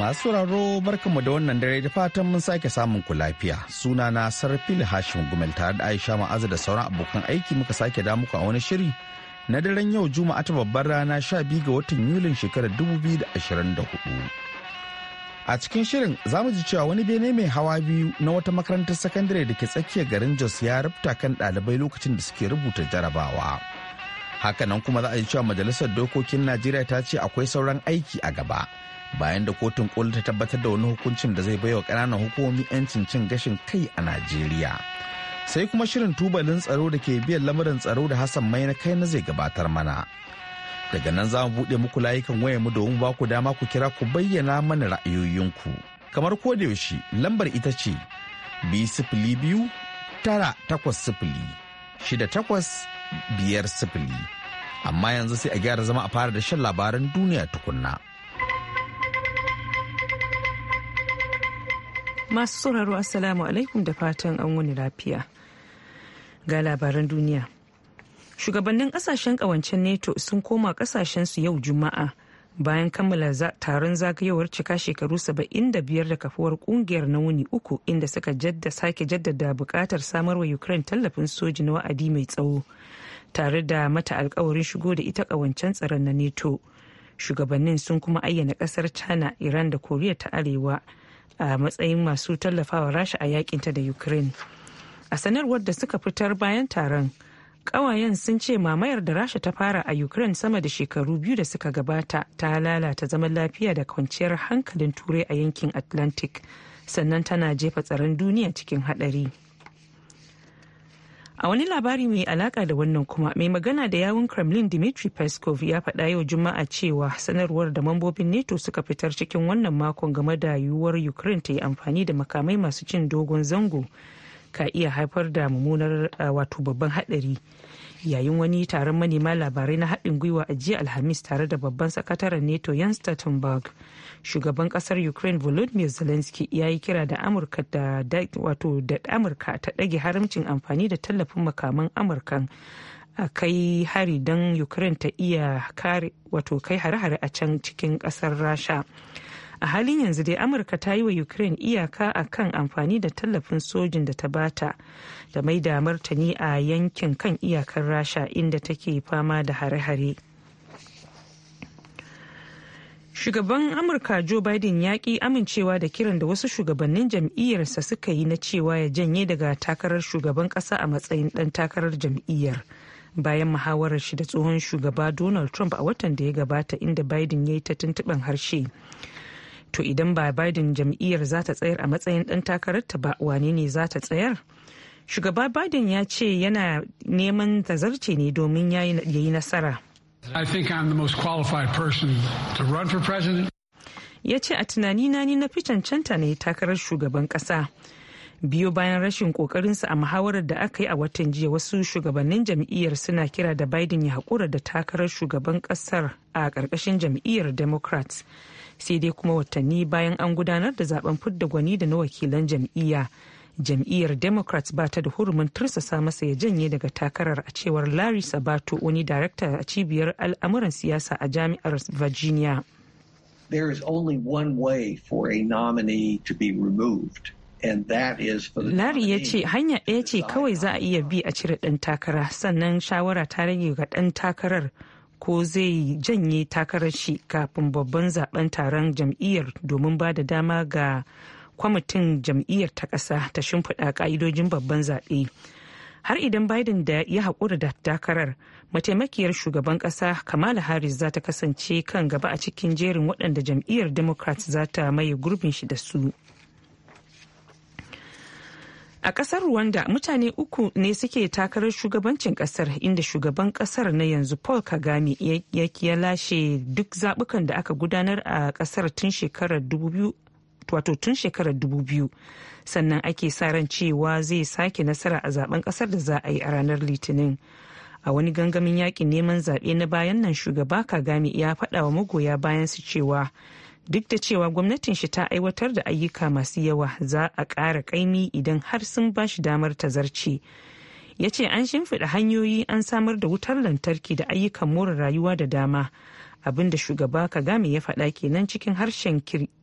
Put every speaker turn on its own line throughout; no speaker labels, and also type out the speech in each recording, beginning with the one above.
Masu sauraro barkanmu da wannan dare da fatan mun sake samun ku lafiya. Suna na Sarfil Hashim Gumel tare da Aisha Ma'azu da sauran abokan aiki muka sake da muku a wani shiri na daren yau Juma'a ta babbar rana sha biyu ga watan Yulin shekarar dubu da hudu. a cikin shirin za mu ji cewa wani bene mai hawa biyu na wata makarantar sakandare da ke tsakiyar garin jos ya rubuta kan ɗalibai lokacin da suke rubuta jarabawa hakanan kuma za a ji cewa majalisar dokokin najeriya ta ce akwai sauran aiki a gaba bayan da kotun koli ta tabbatar da wani hukuncin da zai baiwa ƙananan hukumomi 'yancin cin gashin kai a najeriya sai kuma shirin tubalin tsaro da ke biyan lamarin tsaro da hassan mai na kai na zai gabatar mana daga nan za mu buɗe muku layukan wayar mu domin ba ku dama ku kira ku bayyana mana ra'ayoyinku kamar ko da yaushe lambar ita ce biyu sifili biyu tara takwas sifili shida takwas biyar sifili amma yanzu sai a gyara zama a fara da shan labaran duniya tukunna.
masu sauraro assalamu alaikum da fatan an wani lafiya ga labaran duniya shugabannin kasashen kawancen neto sun koma kasashensu yau juma'a bayan kammala taron zagayowar cika shekaru 75 da kafuwar kungiyar na wuni uku inda suka jadda sake jaddada bukatar samarwa ukraine tallafin soji na wa'adi mai tsawo tare da mata alkawarin shigo da ita kawancen tsaron na neto shugabannin sun kuma ayyana kasar china iran da koriya ta arewa a matsayin masu tallafawa rasha a yakinta da ukraine a sanarwar da suka fitar bayan taron kawayen sun ce mamayar da rasha ta fara a ukraine sama da shekaru biyu da suka gabata ta lalata zaman lafiya da kwanciyar hankalin turai a yankin atlantic sannan tana jefa tsaron duniya cikin hadari. A wani labari mai alaka da wannan kuma mai magana da yawun Kremlin Dmitry Peskov ya faɗa yau Juma'a cewa sanarwar da mambobin NATO suka fitar cikin wannan makon game da yiwuwar Ukraine ta yi amfani da makamai masu cin dogon zango ka iya haifar da mummunar wato babban haɗari. Yayin wani taron manema labarai na haɗin gwiwa a jiya Alhamis tare da babban sakataren NATO Jens Stoltenberg. shugaban kasar ukraine volodymyr zelensky ya yi kira da amurka da wato da amurka ta ɗage haramcin amfani da tallafin makaman amurka a kai hari don ukraine ta iya kare wato kai hare-hare a can cikin kasar rasha a halin yanzu dai amurka ta yi wa ukraine iyaka a kan amfani da tallafin sojin da ta bata da mai da martani a yankin kan iyakar rasha inda take fama da hare-hare Shugaban Amurka Joe Biden ya ƙi amincewa da kiran da wasu shugabannin jam'iyyarsa suka yi na cewa ya janye daga takarar shugaban ƙasa a matsayin ɗan takarar jam'iyyar. Bayan muhawarar shi da tsohon shugaba Donald Trump a watan da ya gabata inda Biden ya yi ta tuntuɓin harshe. To idan ba Biden jam'iyyar za ta tsayar a matsayin ɗan ta ba wane ne za ta tsayar? Shugaba Biden ya ce yana neman tazarce ne domin ya yi nasara. I think I'm the most qualified person to run for president. Ya ce a tunani na ni na fi cancanta ne takarar shugaban kasa. Biyo bayan rashin kokarinsa a muhawarar da aka yi a watan jiya wasu shugabannin jam'iyyar suna kira da Biden ya haƙura da takarar shugaban ƙasar a ƙarƙashin jam'iyyar Democrats. Sai dai kuma watanni bayan an gudanar da zaben fidda gwani da na wakilan jam'iyya. jam'iyyar democrats ba ta da hurumin tursasa masa ya janye daga takarar a cewar larry sabato wani darakta a cibiyar al'amuran siyasa a jami'ar virginia
there is only one way for a nominee to be removed
Lari ya ce hanya ɗaya ce kawai za a iya bi a cire ɗan takara sannan shawara ta rage ga ɗan takarar ko zai janye takarar shi kafin babban zaben taron jam'iyyar domin ba da dama ga kwamitin jam'iyyar ta ƙasa ta shimfiɗa ƙa'idojin babban zaɓe. Har idan Biden da ya haƙura da takarar, mataimakiyar shugaban ƙasa Kamala Harris za ta kasance kan gaba a cikin jerin waɗanda jam'iyyar Democrat za ta maye gurbin shi da su. A ƙasar Rwanda mutane uku ne suke takarar shugabancin ƙasar inda shugaban ƙasar na yanzu Paul Kagame ya lashe duk zaɓukan da aka gudanar a ƙasar tun shekarar wato tun shekarar dubu biyu sannan ake sa ran cewa zai sake nasara a zaben kasar da za a yi a ranar litinin a wani gangamin yakin neman zaɓe na bayan nan shugaba kagame ya faɗa wa magoya bayan su cewa duk da cewa gwamnatin shi ta aiwatar da ayyuka masu yawa za a ƙara ƙaimi idan har sun ba shi damar tazarce ya ce an shimfiɗa hanyoyi an samar da wutar lantarki da ayyukan more rayuwa da dama abinda shugaba kagame ya faɗa kenan cikin harshen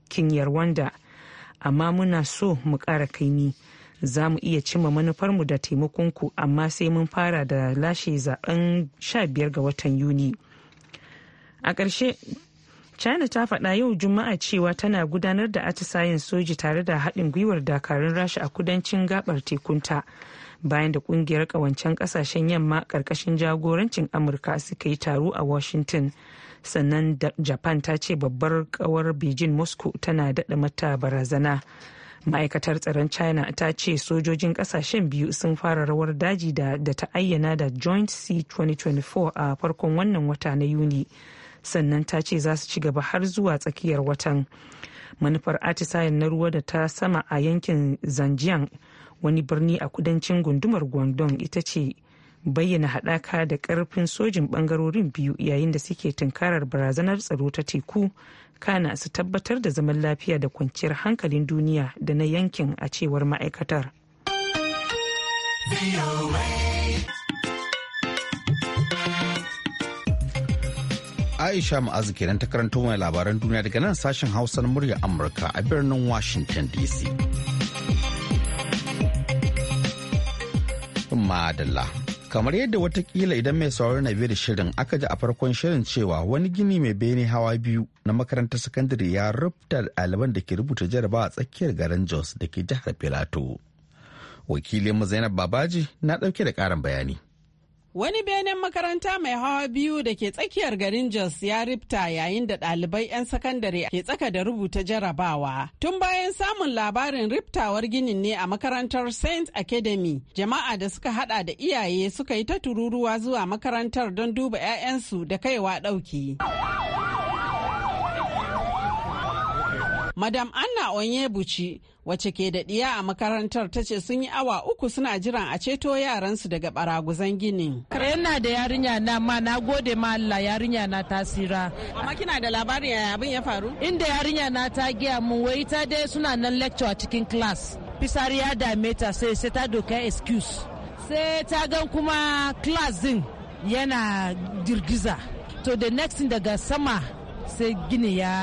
kinyar wanda amma muna so mu ƙara kaimi za mu iya cimma manufarmu da taimakon ku amma sai mun fara da lashe zaben 15 ga watan yuni a ƙarshe china ta faɗa yau juma'a cewa tana gudanar da atisayen soji tare da haɗin gwiwar dakarun rasha a kudancin gabar tekunta bayan da kungiyar ƙawancen ƙasashen yamma ƙarƙashin jagorancin amurka suka yi taro a washington sannan japan ta ce babbar kawar beijing moscow tana daɗa mata barazana ma'aikatar tsaron china ta ce sojojin ƙasashen biyu sun fara rawar daji da ta ayyana da joint c 2024 a farkon wannan wata na yuni sannan ta ce za su ci gaba har zuwa tsakiyar watan manufar atisayen na ruwa da ta sama a yankin zhangjiang wani birni a kudancin gundumar guangdong ita ce bayyana haɗaka da ƙarfin sojin ɓangarorin biyu yayin da suke tunkarar barazanar tsaro ta teku kana su tabbatar da zaman lafiya da kwanciyar hankalin duniya da na yankin a cewar ma'aikatar.
Aisha Ma'azu kenan ta karanto mai labaran duniya daga nan sashen Hausa na murya Amurka a birnin Washington DC. Madalla. kamar yadda watakila idan mai sauraro na da shirin aka ji a farkon shirin cewa wani gini mai bene hawa biyu na makarantar sakandare ya rubuta ɗaliban da ke rubuta jaraba a tsakiyar garin jos da ke jihar filato wakilin mu zainab babaji na ɗauke da ƙarin bayani
Wani benen makaranta mai hawa biyu da ke tsakiyar garin Jos ya ripta yayin da ɗalibai 'yan sakandare ke tsaka da rubuta jarabawa. Tun bayan samun labarin riftawar ginin ne a makarantar Saint Academy, jama'a da suka hada da iyaye suka yi ta tururuwa zuwa makarantar don duba 'ya'yansu da kaiwa ɗauki. Madam Anna Onyebuchi wace ke da diya a makarantar ta ce sun yi awa uku suna jiran a ceto yaransu daga baraguzan gini. Yana da yarinya na ma na gode ma Allah yarinya na tasira. Amma kina da labarin ya abin ya faru? Inda yarinya na ta giya mun wai ta dai suna nan lecture cikin class. Fisari ya dame ta sai sai ta doka excuse. Sai ta gan kuma class din yana girgiza. To the next daga sama sai gini ya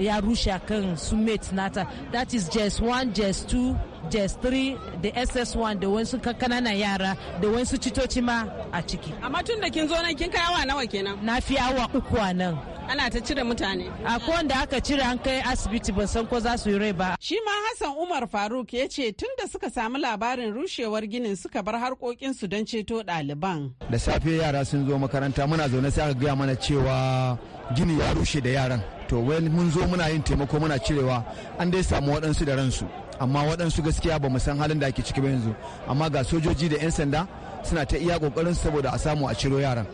ya rushe a kan su mate nata that is just one just two jes 3 da ss1 da wasu kananan yara da wasu citoci ma a ciki amma tun da kin zo nan kin kai awa nawa kenan na fi awa uku a nan ana ta cire mutane a da aka cire an kai asibiti ban san ko za su yi rai ba shi ma hassan umar faruk ya ce tun da suka samu labarin rushewar ginin suka bar harkokin su don ceto ɗaliban
da
safe yara sun zo makaranta muna zaune sai aka gaya mana cewa gini ya rushe da yaran to wani mun zo muna yin taimako muna cirewa an dai samu waɗansu da ransu amma waɗansu gaskiya ba mu san halin da ake ciki ba yanzu amma ga sojoji da 'yan sanda suna ta iya ƙoƙarin saboda a samu a ciro yaran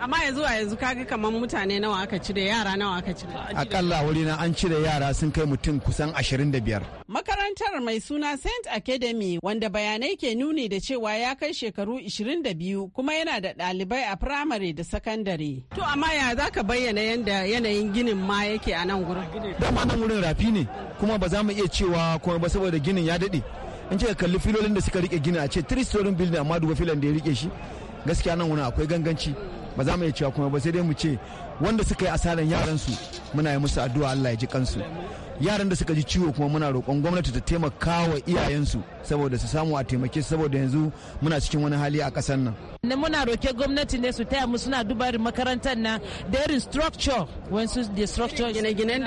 amma yanzu a yanzu kaga kamar mutane nawa aka cire yara nawa aka cire akalla wuri
na an cire yara sun kai mutum kusan 25
makarantar mai suna saint academy wanda bayanai ke nuni da cewa ya kai shekaru 22 kuma yana da ɗalibai a firamare da sakandare to amma ya za bayyana yanda yanayin ginin ma yake a nan gurin
dama nan wurin rafi ne kuma ba za mu iya cewa kuma ba saboda ginin ya daɗe in ce kalli filolin da suka rike gini a ce three story building amma duba filan da ya rike shi gaskiya nan wani akwai ganganci ba za mu iya cewa kuma ba sai dai mu ce wanda suka yi asaran yaran su muna yi musu addu'a Allah ya ji kansu yaran da suka ji ciwo kuma muna roƙon gwamnati ta taimaka wa iyayensu saboda su samu a taimake su saboda yanzu muna cikin wani hali a ƙasar nan.
Ne muna roke
gwamnati ne su taya mu suna duba makarantar nan da irin structure wani da structure gine-ginen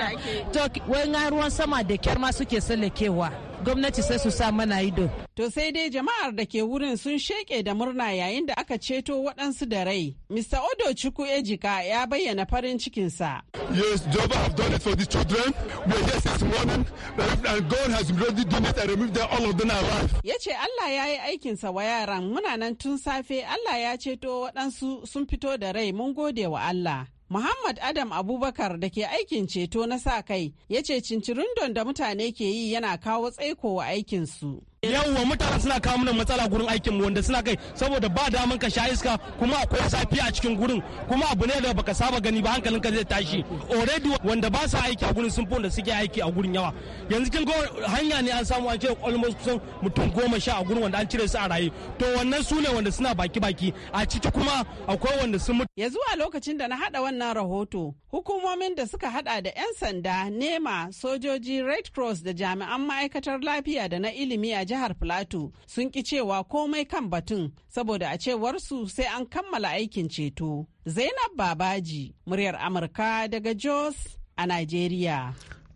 da to wani ruwan sama da kyar ma suke sallakewa. gwamnati sai su sa mana ido. To sai dai jama'ar da ke wurin sun sheke da murna yayin da aka ceto waɗansu da rai. Mr. Odo Chukwu Ejika ya bayyana farin cikinsa.
Yes, Jehovah have done it for the children. We are here since morning and God has already done it and removed them all of them alive.
Ya ce Allah ya yi aikinsa wa yaran muna nan tun safe Allah ya ceto waɗansu sun fito da rai mun gode wa Allah. Muhammad Adam Abubakar da ke aikin ceto na sa kai ya ce cincirindon da mutane ke yi yana kawo tsaiko wa aikinsu.
yawwa mutane suna kawo mana matsala gurin aikin mu wanda suna kai saboda ba daman ka sha iska kuma akwai zafi a cikin gurin kuma abu ne da baka saba gani ba hankalin ka zai tashi already wanda ba sa aiki a gurin sun fi suke aiki a gurin yawa yanzu kin ga hanya ne an samu an ce almost kusan mutum goma sha a gurin wanda an cire su a raye to wannan su ne wanda suna baki baki a ciki kuma
akwai wanda sun mutu ya zuwa lokacin da na hada wannan rahoto hukumomin da suka hada da yan sanda nema sojoji red cross da jami'an ma'aikatar lafiya da na ilimi a jihar Filato sun ki cewa komai kan batun saboda a cewarsu sai an kammala aikin ceto. Zainab Babaji, muryar Amurka daga Jos a Najeriya.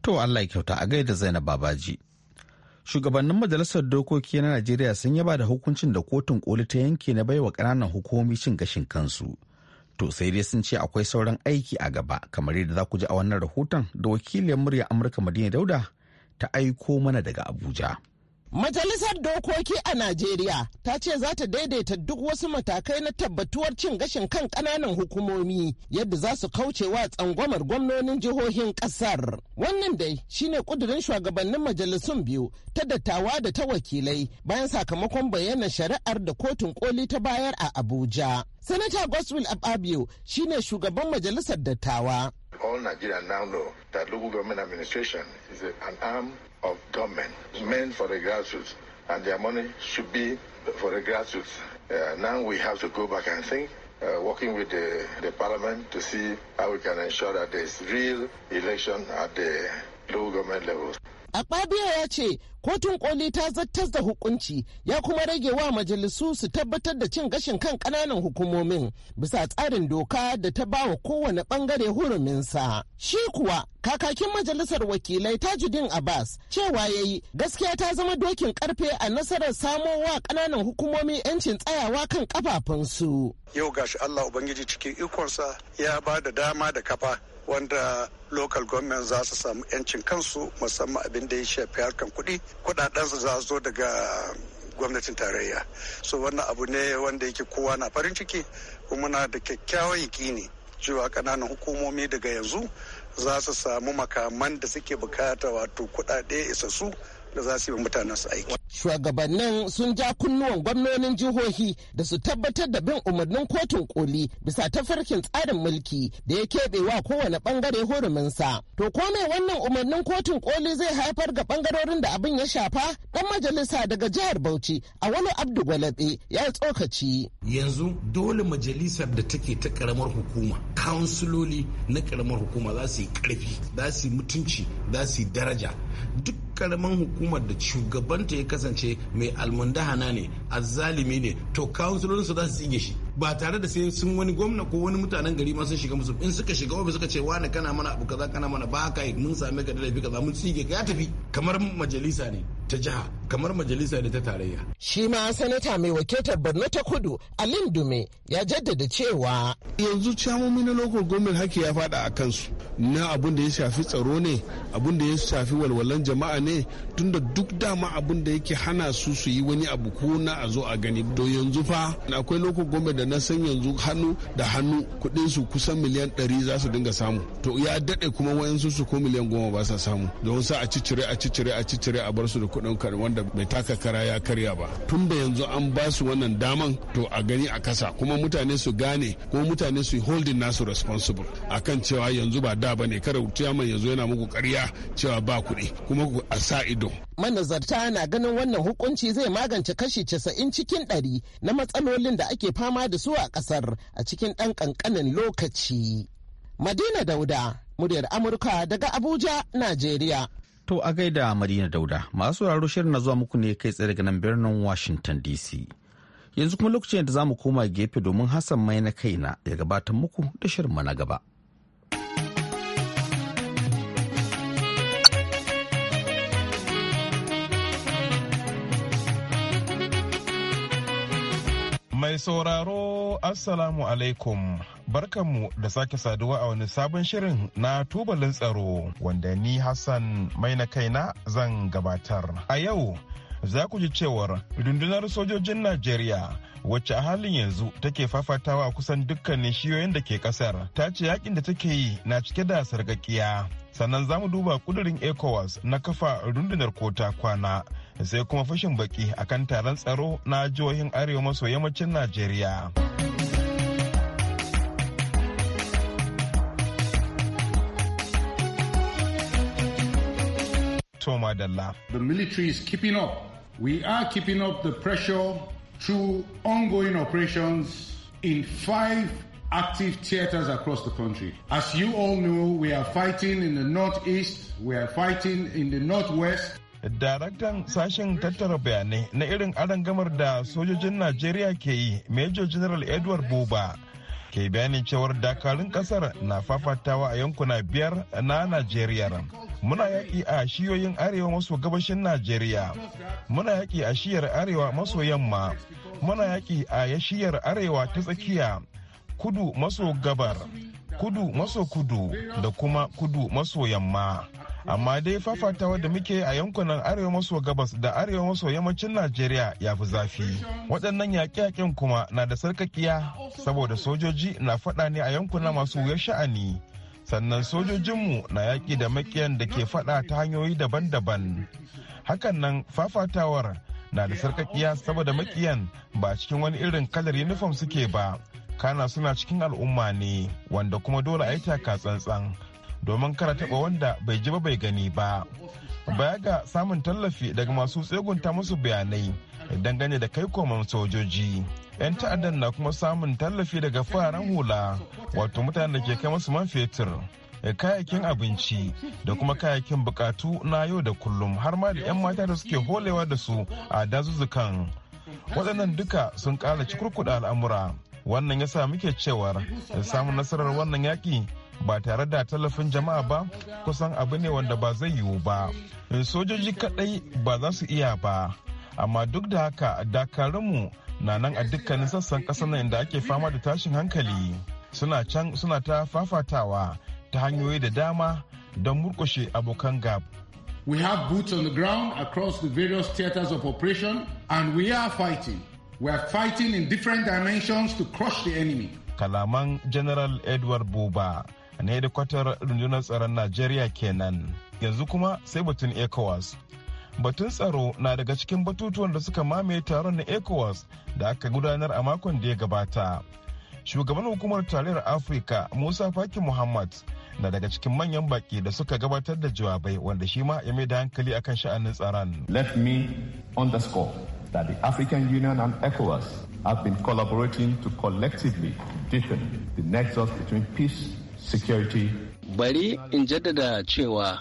To Allah ya kyauta a gaida Zainab Babaji. Shugabannin Majalisar Dokoki na Najeriya sun yaba da hukuncin da kotun koli ta yanke na baiwa ƙananan hukumomi cin gashin kansu. To sai dai sun ce akwai sauran aiki a gaba kamar yadda za ku ji a wannan rahoton da wakilin murya Amurka Madina Dauda ta aiko mana daga Abuja.
Majalisar Dokoki a Najeriya ta ce za ta daidaita duk wasu matakai na tabbatuwar cin gashin kan ƙananan hukumomi yadda za su kaucewa tsangwamar gwamnonin jihohin ƙasar. Wannan dai shine ƙudurin shugabannin majalisun biyu ta dattawa da ta wakilai bayan sakamakon bayyana shari'ar da kotun koli ta bayar a Abuja. Sanata Goswill Ababio shine shugaban majalisar dattawa. All Nigerians now know
that local government administration is an arm of government meant for the grassroots, and their money should be for the grassroots. Uh, now we have to go back and think uh, working with the, the, parliament to see how we can ensure that there is real election
at the local government levels. Akpabio ya ce kotun koli ta zartar da hukunci ya kuma rage wa majalisu su tabbatar da cin gashin kan kananan hukumomin bisa tsarin doka da ta ba wa kowane bangare huruminsa. Shi kuwa kakakin majalisar wakilai tajudin Abbas cewa ya yi gaskiya ta zama dokin karfe a nasarar samo wa kananan hukumomin 'yancin tsayawa kan kafafunsu.
Yau gashi
Allah Ubangiji cikin ikonsa ya ba da dama da kafa wanda local government za su samu 'yancin kansu musamman abin da ya shafi harkan kuɗi kuɗaɗensu za su zo daga gwamnatin tarayya so wannan abu ne wanda yake kowa na farin ciki kuma na da kyakkyawan yakini cewa ƙananan hukumomi daga yanzu za su samu makaman da suke bukata wato kuɗaɗe isassu da za su yi mutanen su aiki
shugabannin sun ja kunnuwan gwamnonin jihohi da su tabbatar da bin umarnin kotun koli bisa tafarkin tsarin mulki da ya keɓe wa kowane ɓangare huruminsa. To ko mai wannan umarnin kotun koli zai haifar ga ɓangarorin da abin ya shafa? Ɗan majalisa daga jihar Bauchi a wani Abdu Gwalabe ya tsokaci.
Yanzu dole majalisar da take ta karamar hukuma, kansuloli na karamar hukuma za su yi ƙarfi, za
su yi mutunci, za su yi daraja. Duk karamar hukumar da shugabanta ya kasance mai almundahana ne zalimi ne to kawunsulolinsu za su tsige shi ba tare da sai sun wani gwamna ko wani mutanen gari ma sun shiga musu in suka shiga ofis suka ce wani kana mana abu kaza kana mana ba yi mun sami ka da laifi kaza mun tsige ka ya tafi kamar majalisa ne ta jiha kamar majalisa
ne ta tarayya.
Shi ma sanata mai wakiltar Borno ta Kudu Alin Dume ya jaddada cewa. Yanzu camomi na local government haki ya fada a kansu na abun da ya shafi
tsaro ne abun da ya shafi walwalan jama'a ne tunda duk dama abun da yake hana su su yi wani abu ko na a zo a gani. do yanzu fa akwai local government da na san yanzu hannu da hannu kuɗin su kusan miliyan ɗari za su dinga samu to ya daɗe kuma wayansu su ko miliyan goma ba sa samu don sa a cicire a cicire a cicire a bar su da kuɗin wanda bai taka kara ya karya ba tun da yanzu an ba su wannan daman to a gani a kasa kuma mutane su gane ko mutane su holding nasu responsible akan cewa yanzu ba da bane kada ciyaman yanzu yana muku karya cewa ba kuɗi kuma a sa ido
manazarta na ganin wannan hukunci zai magance kashi casa'in cikin ɗari na matsalolin da ake fama da su a ƙasar a cikin ɗan ƙanƙanin lokaci madina dauda muryar amurka daga abuja najeriya to a
gaida madina dauda masu sauraro shirin na zuwa muku ne kai tsaye daga nan birnin washington dc yanzu kuma lokacin da za mu koma gefe domin hassan mai na kaina ya gabatar muku da shirin na gaba
Mai sauraro Assalamu alaikum barkanmu da sake saduwa a wani sabon shirin na tubalin tsaro wanda ni Hassan mai na kaina zan gabatar. A yau za ku ji cewar rundunar sojojin Najeriya wacce a halin yanzu take fafatawa kusan dukkanin shiyoyin da ke kasar ta ce yakin da take yi na cike da sargakiya sannan za mu duba kudurin ecowas na kafa rundunar kota kwana sai kuma fashin baki akan taron tsaro na jihohin arewa maso yammacin najeriya Toma Dalla. The military is keeping up. We are keeping up the pressure through ongoing operations in five active theaters across the country. As you all know, we are fighting in the northeast, we are fighting in the northwest. Daraktan sashen tattara bayanai na irin arangamar da sojojin Najeriya ke yi, Major General Edward Buba, ke bayanin cewar dakarun kasar na fafatawa a yankuna biyar na Najeriya. Muna yaƙi a shiyoyin arewa maso gabashin Najeriya, muna yaƙi a shiyar arewa maso yamma, muna yaƙi a shiyar arewa ta tsakiya. kudu maso gabar kudu maso kudu da kuma kudu maso yamma amma dai fafatawa da muke a yankunan arewa maso gabas da arewa maso yammacin najeriya ya fi zafi waɗannan yaƙe-yaƙen kuma na da sarkakiya saboda sojoji na faɗa ne a yankuna masu wuyar sha'ani sannan sojojinmu na yaƙi da makiyan da ke faɗa ta hanyoyi daban-daban hakan nan fafatawar na da sarkakiya saboda makiyan ba cikin wani irin kalar yunifom suke ba kana suna cikin al'umma ne wanda kuma dole a yi taka tsantsan domin kara taba wanda bai ji ba bai gani ba baya ga samun tallafi daga masu tsegunta musu bayanai dangane da kai koman sojoji 'yan ta'addan na kuma samun tallafi daga fararen hula wato mutanen da ke kai masu man fetur kayayyakin abinci da kuma kayayyakin bukatu na yau da kullum har ma da 'yan mata da suke holewa da su a dazuzzukan waɗannan duka sun ƙara cikurkuɗa al'amura wannan ya sa muke cewar samun nasarar wannan yaƙi ba tare da tallafin jama'a ba kusan abu ne wanda ba zai yiwu ba sojoji kadai ba za su iya ba amma duk da haka dakarunmu na nan a dukkanin sassan ƙasar nan inda ake fama da tashin hankali suna can suna ta fafatawa ta hanyoyi da dama don murkushe abokan gab. We have boots on the ground across the various theaters of operation and we are fighting. We are fighting in different dimensions to crush the enemy. Kalaman General Edward Buba na hedikwatar rundunar tsaron Najeriya kenan. Yanzu kuma sai batun ECOWAS. Batun tsaro na daga cikin batutuwan da suka mamaye taron na ECOWAS da aka gudanar a makon da ya gabata. Shugaban hukumar tarayyar Afirka Musa Faki Muhammad na daga cikin manyan baki da suka gabatar da jawabai wanda shi ma ya mai da hankali akan sha'anin tsaron. Let me underscore that the African Union and ECOWAS have been collaborating to collectively deepen the nexus between peace, security.
Bari in jaddada cewa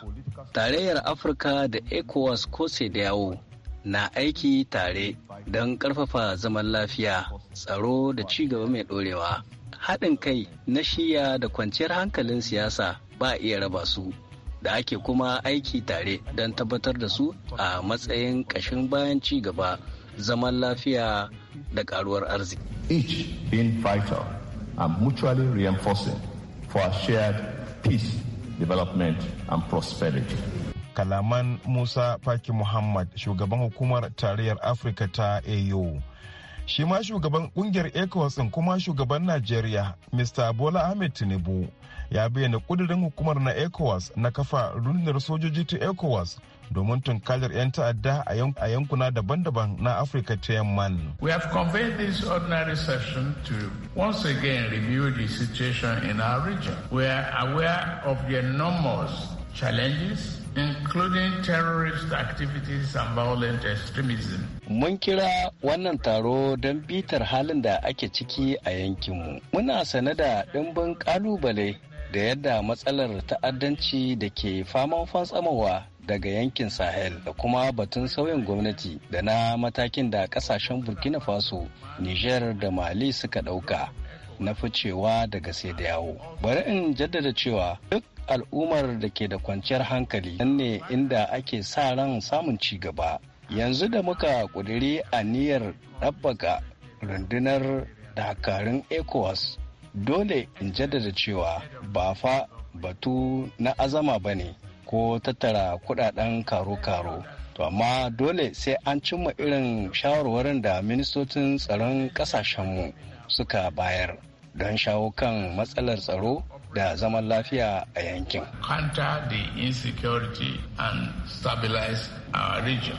tarayyar Afirka da ECOWAS ko yawo na aiki tare don ƙarfafa zaman lafiya, tsaro da ci gaba mai ɗorewa. Haɗin kai na shiya da kwanciyar hankalin siyasa ba iya raba su. da ake kuma aiki tare don tabbatar da su a matsayin ƙashin bayan ci gaba zaman lafiya da karuwar arziki.
Each being vital and mutually reinforcing for a shared peace, development and prosperity. Kalaman Musa Faki Muhammad, shugaban hukumar tarayyar Afirka ta AU. Shi ma shugaban kungiyar ECOWAS kuma shugaban Najeriya, Mr. Bola Ahmed Tinubu. ya bayyana kudirin hukumar na ecowas na kafa rundunar sojoji ta ecowas domin tunkalar 'yan ta'adda a yankuna daban-daban na afirka ta yamma. we have convened this ordinary session to once again review the situation in our region we are aware of the enormous challenges including terrorist activities and violent extremism.
Mun kira wannan taro don bitar halin da ake ciki a yankinmu. Muna sane da ɗimbin ƙalubale da yadda matsalar ta'addanci da ke faman fantsamawa daga yankin sahel da kuma batun sauyin gwamnati da na matakin da kasashen burkina faso niger da mali suka ɗauka na fi cewa daga sai da yawo bari in jaddada cewa duk al'ummar da ke da kwanciyar hankali nan ne inda ake sa ran samun ci gaba yanzu da muka a niyyar ɗabbaka rundunar dakarun ecowas dole in jaddada cewa ba fa batu na azama ba ne ko tattara kudaden karo-karo to amma dole sai an cimma irin shawarwarin da ministocin tsaron kasashenmu suka bayar don shawo kan matsalar tsaro da zaman lafiya a yankin.
Counter the insecurity and stabilize our region.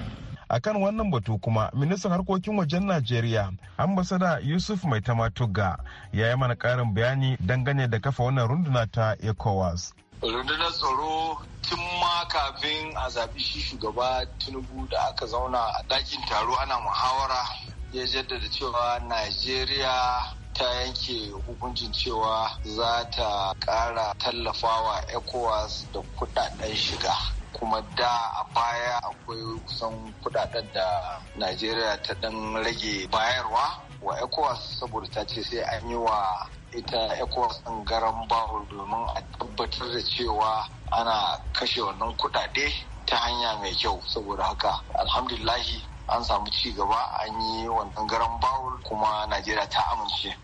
akan wannan batu kuma ministan harkokin wajen najeriya ambasada yusuf mai tamatuga ya yi mana karin bayani dangane da kafa wannan runduna ta ecowas rundunar tsaro tun ma kafin a zaɓi shi shugaba tinubu da aka zauna a ɗakin taro
ana muhawara ya jaddada cewa najeriya ta yanke hukuncin cewa za ta ƙara tallafawa ecowas da kudaden shiga kuma da a baya akwai kusan kudaden da najeriya ta dan rage bayarwa wa ecowas saboda ta ce sai an yi wa ita ecowas ɗin garan bawul domin a tabbatar da cewa ana kashe wannan kudade ta hanya mai kyau saboda haka alhamdulillahi an samu ci gaba an yi wannan garan bawul kuma najeriya ta amince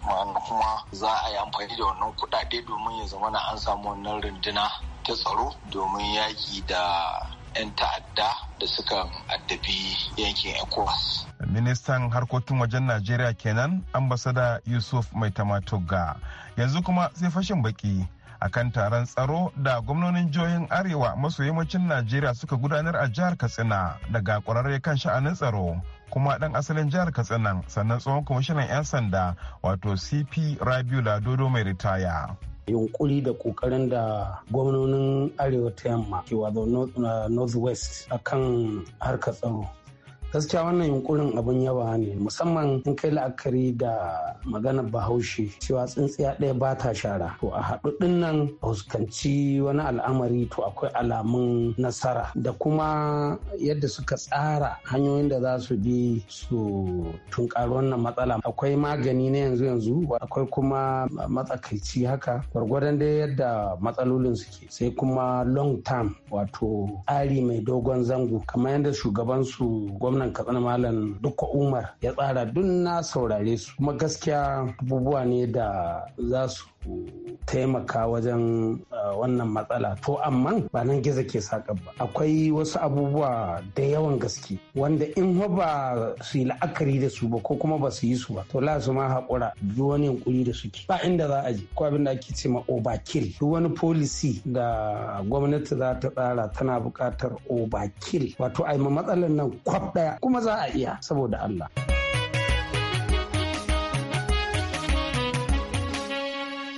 kuma za a yi amfani da wannan kudade domin ya zama an samu wannan runduna ta tsaro domin yaki da 'yan ta'adda da suka addabi yankin ecowas
ministan harkokin wajen najeriya kenan ambasada yusuf mai tamatoga yanzu kuma sai fashin baki akan taron tsaro da gwamnonin jihohin arewa maso yammacin najeriya suka gudanar a jihar katsina daga kwararre kan sha'anin tsaro kuma dan asalin jihar katsina sannan tsohon kwamishinan 'yan sanda wato cp rabiu ladodo
mai ritaya yunkuri da kokarin da gwamnonin arewa ta yamma ke wazo north uh, west kan harkar tsaro gaskiya wannan yunkurin abun yawa ne musamman in kai la'akari da magana bahaushe cewa tsintsiya ɗaya ba ta shara to a haɗuɗin nan fuskanci wani al'amari to akwai alamun nasara da kuma yadda suka tsara hanyoyin da za su bi su tunkari wannan matsala akwai magani na yanzu yanzu akwai kuma matsakaici haka gwargwadon dai yadda matsalolin suke sai kuma long term wato tsari mai dogon zango kamar yadda shugabansu gwamnati gwamnan katsina malam dukka umar ya tsara duk na saurare su kuma gaskiya abubuwa ne da za su taimaka wajen ah, wannan matsala to amma ba nan gizo ke saƙa ba akwai wasu abubuwa da yawan gaske wanda in ba su yi la'akari da su ba ko kuma ba su yi su ba to la su ma haƙura duk wani yankuri da suke ba inda za a je ko abin da ake ce ma overkill duk wani policy da gwamnati za ta tsara tana buƙatar overkill wato a yi matsalar nan kwaf ɗaya kuma za a iya saboda Allah.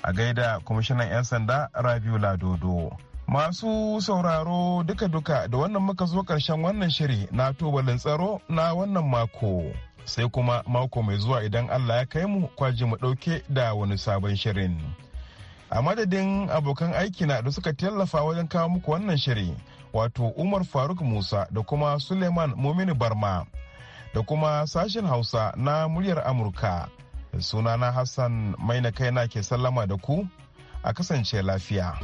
a gaida kwamishinan 'yan sanda rabiu ladodo masu sauraro duka-duka da wannan muka zo karshen wannan shiri na tubalin tsaro na wannan mako sai kuma mako mai zuwa idan allah ya kai mu kwaji mu ɗauke da wani sabon shirin a madadin abokan aiki na da suka tallafa wajen kawo muku wannan shiri wato umar faruk musa da kuma suleiman muminu barma da kuma sashen hausa na muryar amurka sunana hassan maina kaina ke sallama da ku a kasance lafiya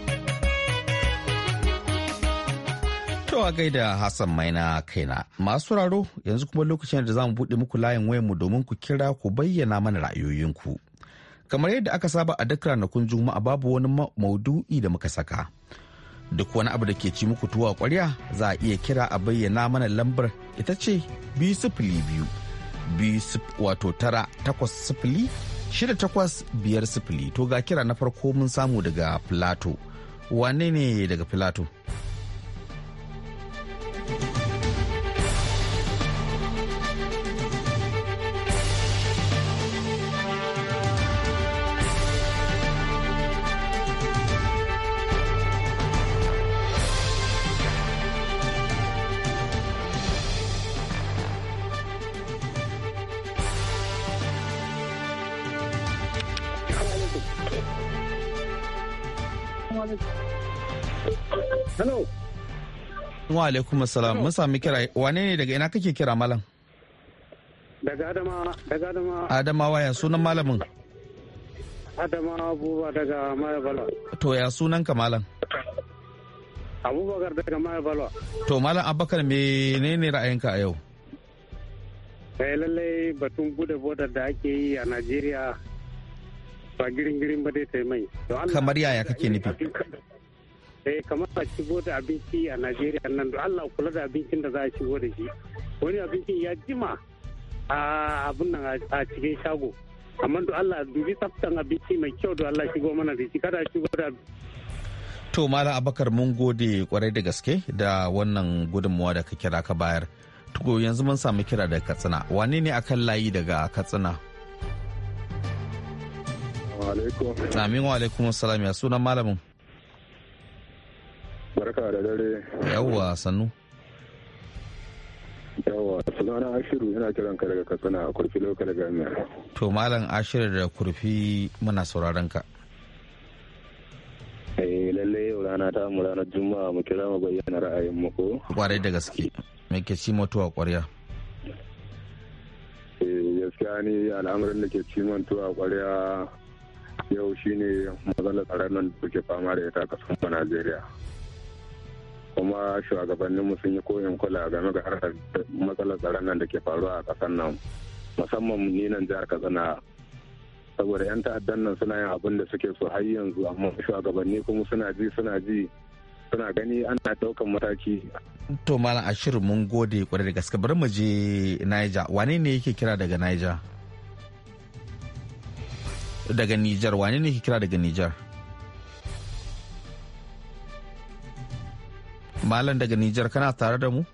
To a gaida Hassan Maina kaina. Masu raro yanzu kuma lokacin da za mu buɗe muku layin wayanmu domin ku kira ku bayyana mana ra'ayoyinku. Kamar yadda aka saba a duk ranakun Juma'a babu wani maudu'i da muka saka. Duk wani abu da ke ci muku tuwa kwarya za a iya kira a bayyana mana lambar ita ce biyu sifili biyu wato tara takwas sifili shida takwas biyar sifili to ga kira na farko mun samu daga filato wane ne daga filato alaikum assalam mun sami kira wane ne daga ina kake kira malam
daga adama daga adama
adama waya sunan malamin
adama abubuwa daga maya balwa
to ya sunan ka malam
abubakar daga maya balwa
to malam abubakar menene ra'ayinka a yau
eh lallai batun gude bodar da ake yi a najeriya ba girin girin ba dai ta mai kamar yaya kake nufi eh kamar a shigo da abinci a najeriya nan da allah kula da abincin da za a shigo da shi wani abincin ya jima a abin nan a cikin shago amma da allah dubi tsaftan abinci mai kyau da allah shigo mana da shi kada shigo da
to malam abakar mun gode kwarai da gaske da wannan gudunmuwa da ka kira ka bayar tugo yanzu mun samu kira daga katsina wane ne akan layi daga katsina alaikum. Amin wa alaikum salam ya sunan malamin.
barka da dare
yawwa sannu
yawa sunana ashiru yana kiran ka
daga katsina a kurfi lokal gamiya
to malam ashiru da kurfi muna sauraron ka
eh lalle yau rana ta mu ranar juma'a mu kira mu bayyana ra'ayin mu ko
kwarai da gaske me ke ci mutuwa kwarya
eh gaskiya ni al'amarin da ke ci mutuwa kwarya yau shine matsalar tsaron nan da ke fama da ita a kasar Najeriya kuma shugabanninmu sun yi koyin kula game ga harkar matsalar tsaron nan da ke faruwa a kasar nan musamman ni nan jihar katsina saboda 'yan ta'addan nan suna yin abin da suke so har yanzu amma shugabanni kuma suna ji suna ji suna gani ana daukan
mataki to malam ashirin mun gode kwarai da gaske bari mu je niger wane ne yake kira daga niger daga niger wane ne yake kira daga nijar. Malam daga Nijar kana tare da mu?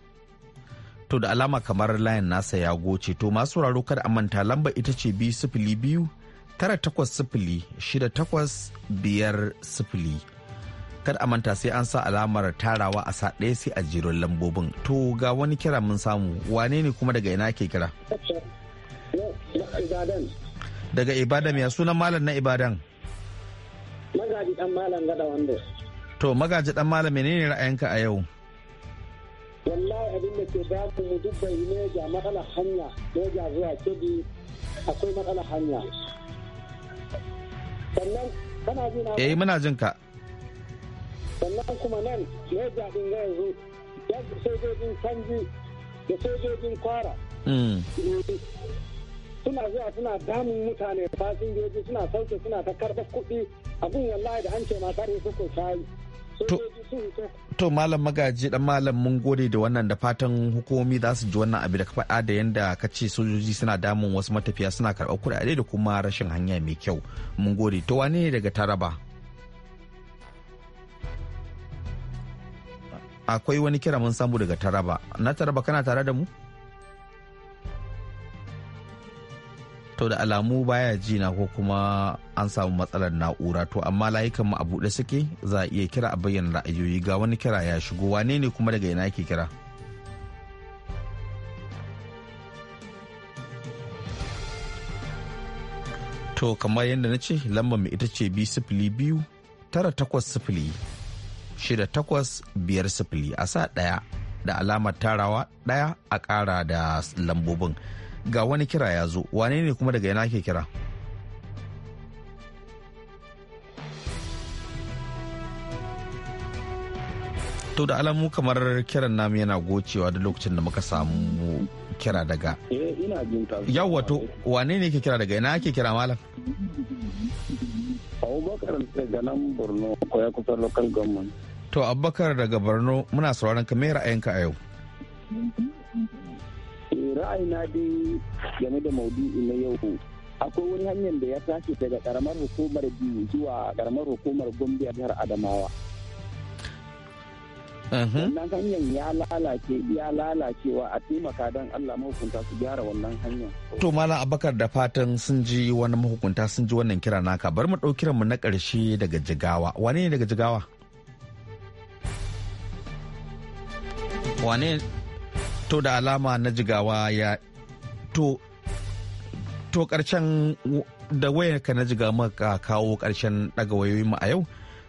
To da alama kamar layin nasa ya goce to masu sauraro kada a manta lamba ita ce biyu sifili biyu tara takwas sifili shida takwas biyar sifili. Kada a manta sai an sa alamar tarawa a sa ɗaya sai a jiron lambobin. To ga wani kira mun samu wane ne kuma daga ina ke kira? Daga Ibadan ya sunan malam na Ibadan.
Magaji dan malam gada wanda.
To magaji dan malam menene ra'ayinka a yau?
Wallahi abin da ke damu mu duk bai ne ga matsalar hanya ko ga zuwa kedi akwai matsalar hanya. Sannan kana ji na Eh muna jin ka. Sannan kuma nan ne ga din ga yanzu da sojojin kanji da sojojin kwara. Hmm. suna zuwa suna damun mutane fasinjoji suna sauke suna ta karɓar kuɗi abin wallahi da an ce ma kare su ko shayi to
malam magaji dan malam mun gode da wannan da fatan hukumomi za su ji wannan abu da ka faɗa da yanda ka ce sojoji suna damun wasu matafiya suna karɓar kuɗaɗe da kuma rashin hanya mai kyau mun gode to wane ne daga taraba akwai wani kira mun samu daga taraba na taraba kana tare da mu to da alamu baya ji na ko kuma an samu matsalar na'ura to amma layukan mu a buɗe suke za a iya kira a bayyana ra'ayoyi ga wani kira ya shigo wane ne kuma daga ina ke kira to kamar yadda na ce lambar mu ita ce bi sifili biyu tara takwas sifili shida takwas biyar sifili a sa ɗaya da alamar tarawa ɗaya a ƙara da lambobin ga wani kira ya zo wane ne kuma daga yana ke kira to da alamu kamar kiran namu yana gocewa da lokacin da muka samu kira daga eh, yawwa to wane ne ke kira daga ina ke kira malam
abubakar daga nan borno ko ya kusa local government
to abubakar daga borno muna sauraron ka ayanka ra'ayinka a yau
ra'ayina dai game da maudu'i na yau akwai wani hanyar da ya tashi daga karamar hukumar biyu zuwa karamar hukumar gombe a jihar adamawa mhm. wannan hanyar ya lalace ya lalacewa a taimaka don allah mahukunta su gyara wannan hanyar to
malam abakar da fatan sun ji wani mahukunta sun ji wannan kira naka bar mu ɗau mu na ƙarshe daga jigawa wane ne daga jigawa wane to da alama na jigawa ya to to karshen da ka na jiga maka kawo karshen daga mu a yau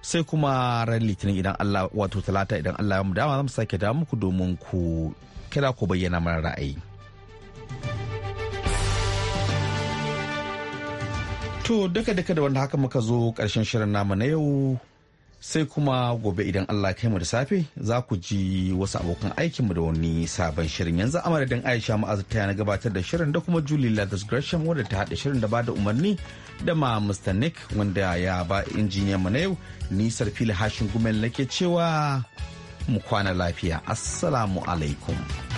sai kuma ran litinin idan Allah wato talata idan Allah ya mu dama zamu sake da muku domin ku kira ku bayyana mana ra'ayi to duka duka da wanda haka muka zo karshen shirin namu na yau sai kuma gobe idan Allah kai mu da safe za ku ji wasu abokan aikin mu da wani sabon shirin yanzu amadadin Aisha Ma'azu ta na gabatar da shirin da kuma Julie Lathis Gresham wadda ta haɗa shirin da ba da umarni da ma Mr. Nick wanda ya ba injiniyan mu na yau ni Sarfila Hashin Gumel nake cewa mu kwana lafiya assalamu alaikum